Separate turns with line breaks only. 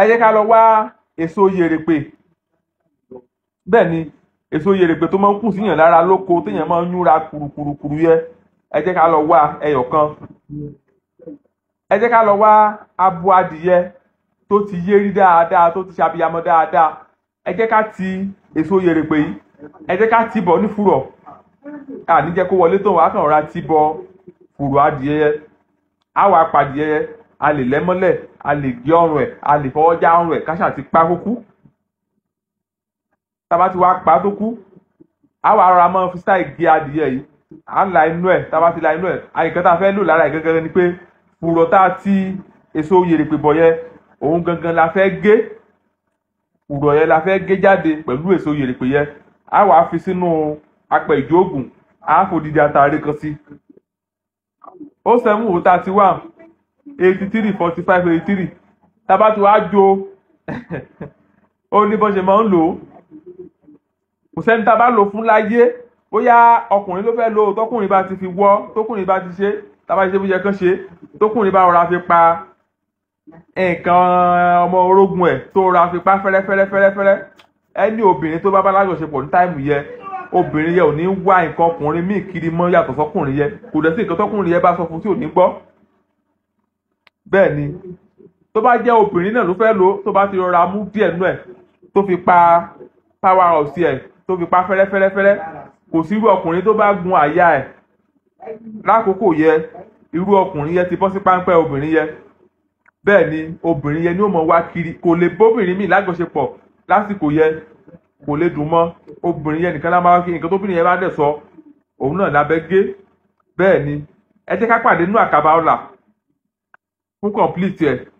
ẹ jẹ́ ká lọ wá èso yèrèpè bẹ́ẹ̀ ni èso yèrèpè tó máa ń kù síyàn lára lóko téèyàn máa ń yúnra kùrùkùrù yẹ ẹ jẹ́ ká lọ wá ẹyọ kan ẹ jẹ́ ká lọ wá abo adìyẹ tó ti yé rí dáadáa tó ti ṣàbíyamọ dáadáa ẹ jẹ́ ká ti èso yèrèpè yìí ẹ jẹ́ ká ti bọ̀ ní fúrọ̀ àníjẹ́ kó wọlé tó wàá kàn ra ti bọ̀ fùrọ̀ adìyẹ yẹ á wàá pàdìyẹ yẹ a lè lẹ́mọ́lẹ̀ a lè gé ọrùn ẹ̀ a lè fọwọ́ já ọrùn ẹ̀ káṣà ti pa kúkú tába ti wá pa tó kú a wà rọra mọ́ fi sáì gé adìyẹ yìí à ń la inú ẹ̀ tába ti la inú ẹ̀ àyíká tá a fẹ́ lò lára ẹ̀ gẹ́gẹ́ ni pé fùrọ̀ tá a ti èso yèrèpè bọ̀ yẹn òun gangan la fẹ́ gé fùrọ̀ yẹn la fẹ́ gé jáde pẹ̀lú èso yèrèpè yẹn a wà fi sínú apẹ̀ ìjóògùn a fòdìdí àtàrí kan sí. ó sẹ́mu òun tá a ti wà eighty three forty five eighty three tábà tí wàá jo ó ní bọ́n ṣe máa ń lò ó kò sẹ́ni tá a bá lò fún láyé bóyá ọkùnrin ló fẹ́ lò ó tọkùnrin bá ti fi wọ́ tọkùnrin bá ti ṣe tábà ṣe bó yẹ kán ṣe tọkùnrin bá rọra fi pa nǹkan ọmọ orógun ẹ̀ tó rọra fi pa fẹ́rẹ́fẹ́rẹ́fẹ́rẹ́ ẹni obìnrin tó bá bá lájọṣepọ̀ ní táìmù yẹn obìnrin yẹn ò ní wá nǹkan ọkùnrin míì kiri mọ́ yàtọ̀ sọkùnrin yẹn kò dẹ̀ sí nǹkan tọkùnrin yẹn bá sọ fún tí ò ní gbọ́ bẹ́ẹ̀ ni tó bá jẹ́ obìnrin náà ló fẹ́ lò tó bá ti rọra mú díẹ̀ nú ẹ̀ tó fi pa power of ẹ̀ tó fi pa fẹ́rẹ́fẹ́rẹ́fẹ́rẹ́ kò sí irú ọkùnrin tó bá gun àyà ẹ̀ lákòókò yẹ irú ọkùnrin yẹ ti bọ́ sí páńpẹ́ obìnrin yẹ bẹ́ẹ̀ ni obìnrin yẹ ni ó mọ̀ wá kiri kò lè bóbìnrin míì lájọṣepọ̀ lásìkò yẹ kò lè dùn mọ́ obìnrin yẹn nìkan lábá kí nǹkan tóbìnrin yẹn bá dẹ̀ sọ òun náà lábẹ́ gé bẹ́ẹ̀ ni ẹ jẹ́ ká pàdé nínú àkàbà ọ̀la fún complete ẹ̀